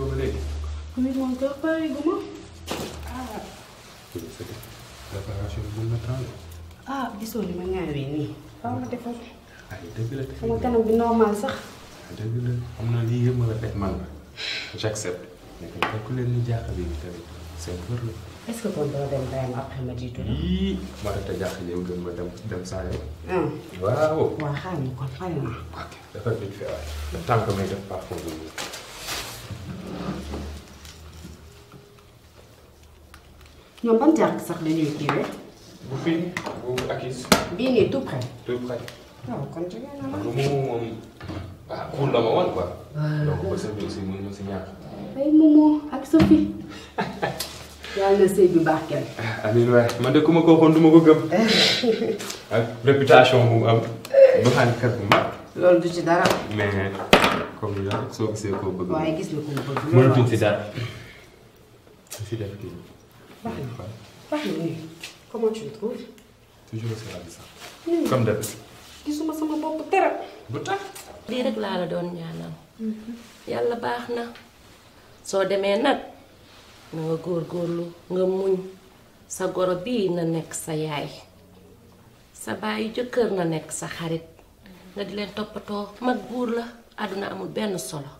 nga ba léegi. huit moom kër pare gu ma. ah. préparation na temps ah gisoo li ma ñaawee nii. faaw ma defar. ay def yi tamit seen kër la. est-ce que saa yow. waaw. waaw xaaral ma kon xaaral ma. ok dafa vite fait waaye. le may def parcours bi. ñoom ban jànq sax la ñuy bu fini bu acquise tout près. tout près. Non, continuez, jege na ma. lu la ma quoi. donc ba sa c'est mon, seigneur. na si Momo ak Sophie. ne na bi baax kenn. amiin de réputation bu am. bu C'est kër bu du ci mais comme ni ma c'est gis si baax na baax na nuyu comment tu te hmm. sama bopp dara. bu tax. lii rek laa la doon ñaanal. Mhm. yàlla baax na soo demee nag na góor góorlu nga muñ sa goro bii na nekk sa yaay sa baayu jëkkër na nekk sa xarit mhm. nga di leen toppatoo mag buur la àdduna amul benn solo.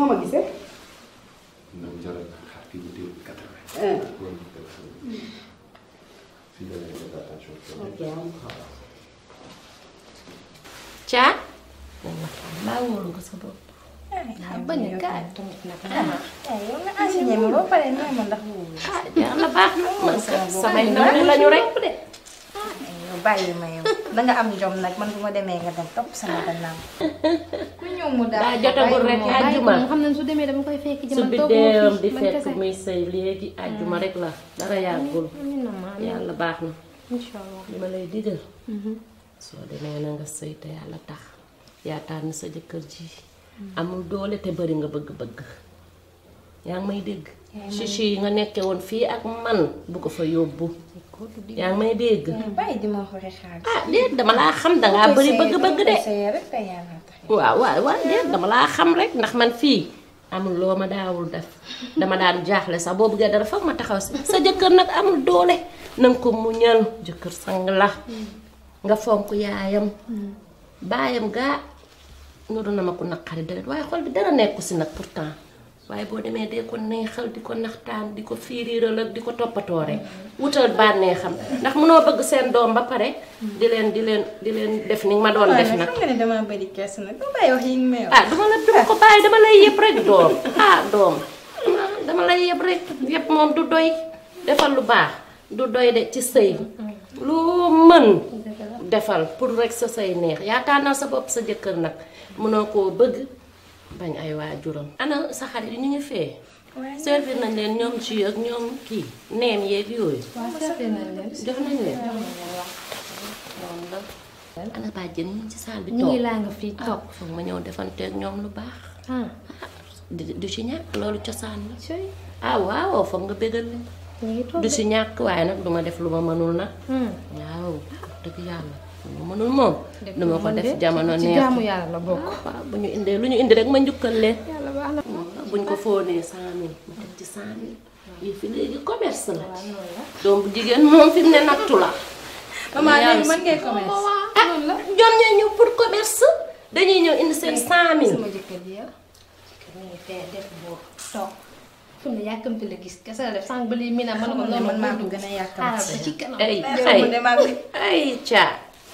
noo ma gisee. ndax Ndiol xaar fi mu déglu quatre vingt. caa. maa wóolu ko sa bopp. ah bañ a kaay tamit nag. ah yow nga enseigné ma ba pare nee ma ndax na lañu rek. bàyyi ma yow danga am jom nag man bu ma demee nga dem topp sama gannaaw. ku ñëw mu daal jotagul rek àjjuma xam ne su demee dama koy fekk ji man toog moom di fekk muy sëy léegi àjjuma rek la dara yàggul. yàlla baax na. incha allah li ma lay digal. Mhm. soo demee na nga sëy te yàlla tax yaa tànn sa jëkkër ji. amul doole te bari nga bëgg-bëgg yaa ngi may dégg. chichi iya, nga nekke won fi ak man bu ko fa yobbu ya ngi may dégg ah dia dama la xam nga bëri bëgg-bëgg de wa wa wa déet ya. dama la xam rek ndax man fi amul lo ma daawul def dama daan jaaxle sa boo bëggee dara fa ma taxaw sa jëkkër nak amul doole nang ko muñal jëkkër sang la hmm. nga fonku yaayam hmm. bayam ga nuru na mako nakari naqari way xol bi dara nekku ci nak pourtant waaye boo demee dee ko neexal di ko naxtaan di ko fiiriiral ak di ko toppatoo rek wutal bànnee xam ndax mënoo bëgg seen doom ba pare di leen di leen di leen def ni ma doon def nag dama bëri kees nag du bàyyi wax yi may ah dama la duma ko bàyyi dama lay yëpp rek doom ah doom dama lay yëpp rek yëpp moom du doy defal lu baax du doy de ci sëy lu mën defal pour rek sa sëy neex yaakaar naa sa bopp sa jëkkër nag mënoo koo bëgg bañ ay waajuram ana sa xarit ñu ngi fee servir nañ leen ñoom ci ak ñoom kii neem yeeg yooyu jox nañ leen ana ba ñu ci salle bi toog ñu ngi la nga fi tok fa ma ñew defante ak ñoom lu baax du ci ñak lolu ci saan la ah waaw fa nga bégal leen du ci ñak waye nak duma def luma mënul nak waaw dëgg yalla lu mënul moom. dama ko def jamono neex ci jaamu yàlla ah, bu ñu indee lu ñu indi rek ma njukkal leen. yàlla baax hmm, bu ñu ko fóonee cent mille ma teg ci moom fi mu ne nattu la. maman léegi mën ngay ah, ah ñoom ñooy ñëw pour commerce. dañuy ñëw indi seen cent mille. sama jëkkër ji yow. mu ah, ngi fee def ba mi na mën ko loolu ay ay ay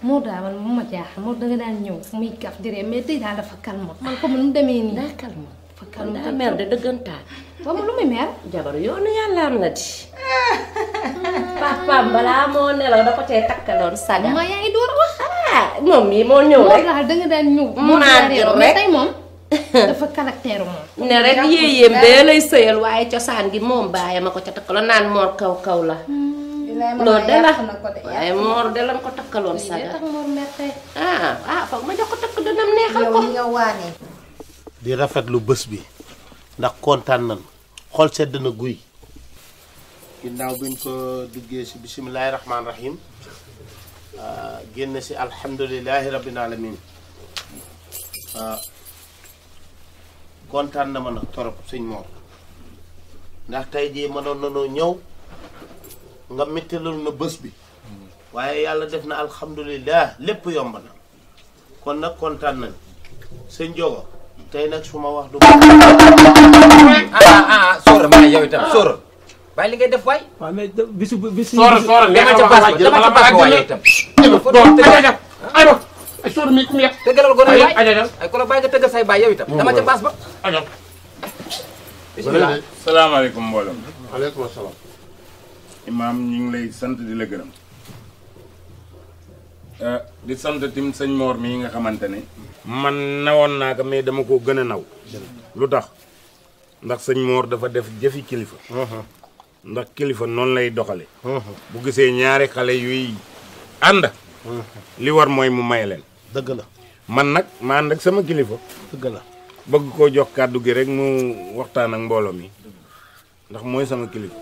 Mudah, daawal mu Mudah jaaxal moo danga daan ñëw muy gaf di ree mais tey daal dafa kalmoon man ko mun demee nii daa kalmoon mer de dëggantaan ba mu lu muy mer jabar yoonu yàllaam la di papaam balaa moo nelaw da ko cee takkaloon Mudah ma yaa ngi door wax moom mii moo ñëw rek moo daal danga daan ñëw mu naan rek mais tey moom dafa caractère moom ne rek yéeyéem bee lay sëyal waaye cosaan gi moom ya ca kaw kaw la hmm loolu de la waaye moor de lam ah ah foog ma jox ko di rafetlu bés bi ndax kontaan nan xol sedd na guy ginnaaw biñ ko duggee si bisimilahi rahmaani rahim ah, génn si rabbil alamin ah, na ma torop ndax nga mettelul na bës bi waaye yàlla def na alhamdulilah lépp yomb na kon nag kontaan nañ sëñ jogo tey nag suma wax du ah ah, ah sóora ma yow itam ah. sóora waaye li ngay def waay waaw mais bisu bisu sóora sóora dama ca pass dama ca pass waay itam ayo, ay ba mi kum yàq tëggalal gone ay ko la bàyyi nga tëggal say baay yow itam dama ca pass ba bismillah salaamaaleykum mbooloo aleykum salaam imam ñu ngi lay sant di la gërëm euh, di sant tim señ mor mi nga xamantene man nawon na ko mais dama ko gëna naw lutax ndax señ mor dafa def jëfi kilifa uh-huh. ndax kilifa non lay doxale uh-huh. bu gisee ñaari xale yuy ànd uh-huh. li war moy mu may leen deug la man nak ma sama kilifa deug la bëgg ko jox kaddu gi rek mu waxtaan ak mbolo mi ndax moy sama kilifa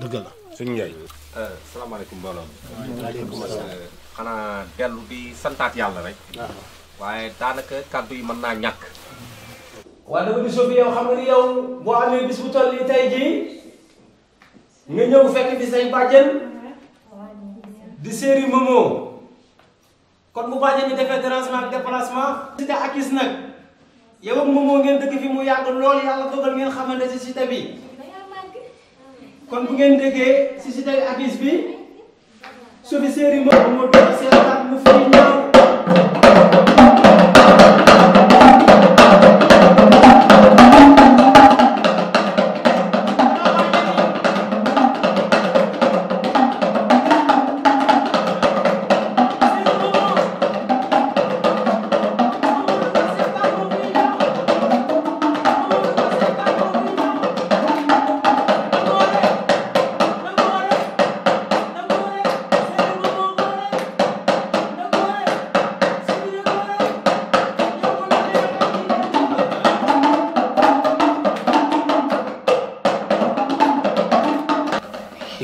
deug la sëñ Ndiaye. salaamaaleykum mbooloo mi. waaleykum salaam xanaa dellu di santaat yàlla rek. dama bi yow xam nga ni yow boo amee bis bu toll nii tey nga ñëw fekk di say bàjjen di séeri momo kon bu bàjjen ñu defee transfert déplacement. cité ak gis nag yow ak momo ngeen dëkk fi mu lool dogal ngeen si cité bi. kon bu ngeen déggee si si tey addis bi suufi séeri moo moo doon seetaan lu fi ñaaw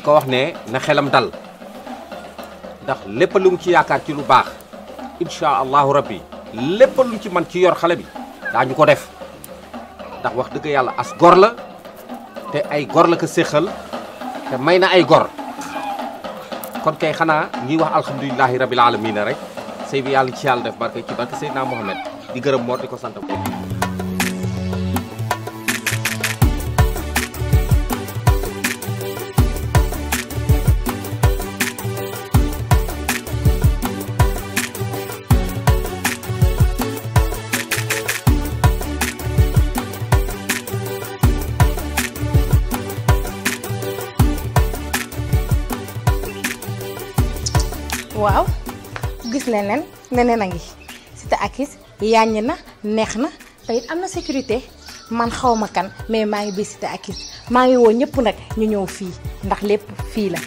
di wax ne na xelam dal ndax lépp lu mu ci yaakaar ci lu bax insha allah rabbi lépp lu ci man ci yor xale bi dañu ko def ndax wax deug yàlla as gor la te ay gor la ko séqal te mayna ay gor kon kay xana ñuy wax alhamdulilahi rabbil alamin rek sëy bi yàlla ci yàlla def barke ci barke Seydina muhammad di gërëm mo di ko sant waaw gis leneen leneen a ngi Cité Akis yàññ na neex na te it am na sécurité man xawma kan mais maa ngi biir Cité Akis maa ngi woo ñëpp nag ñu ñëw fii ndax lépp fii la.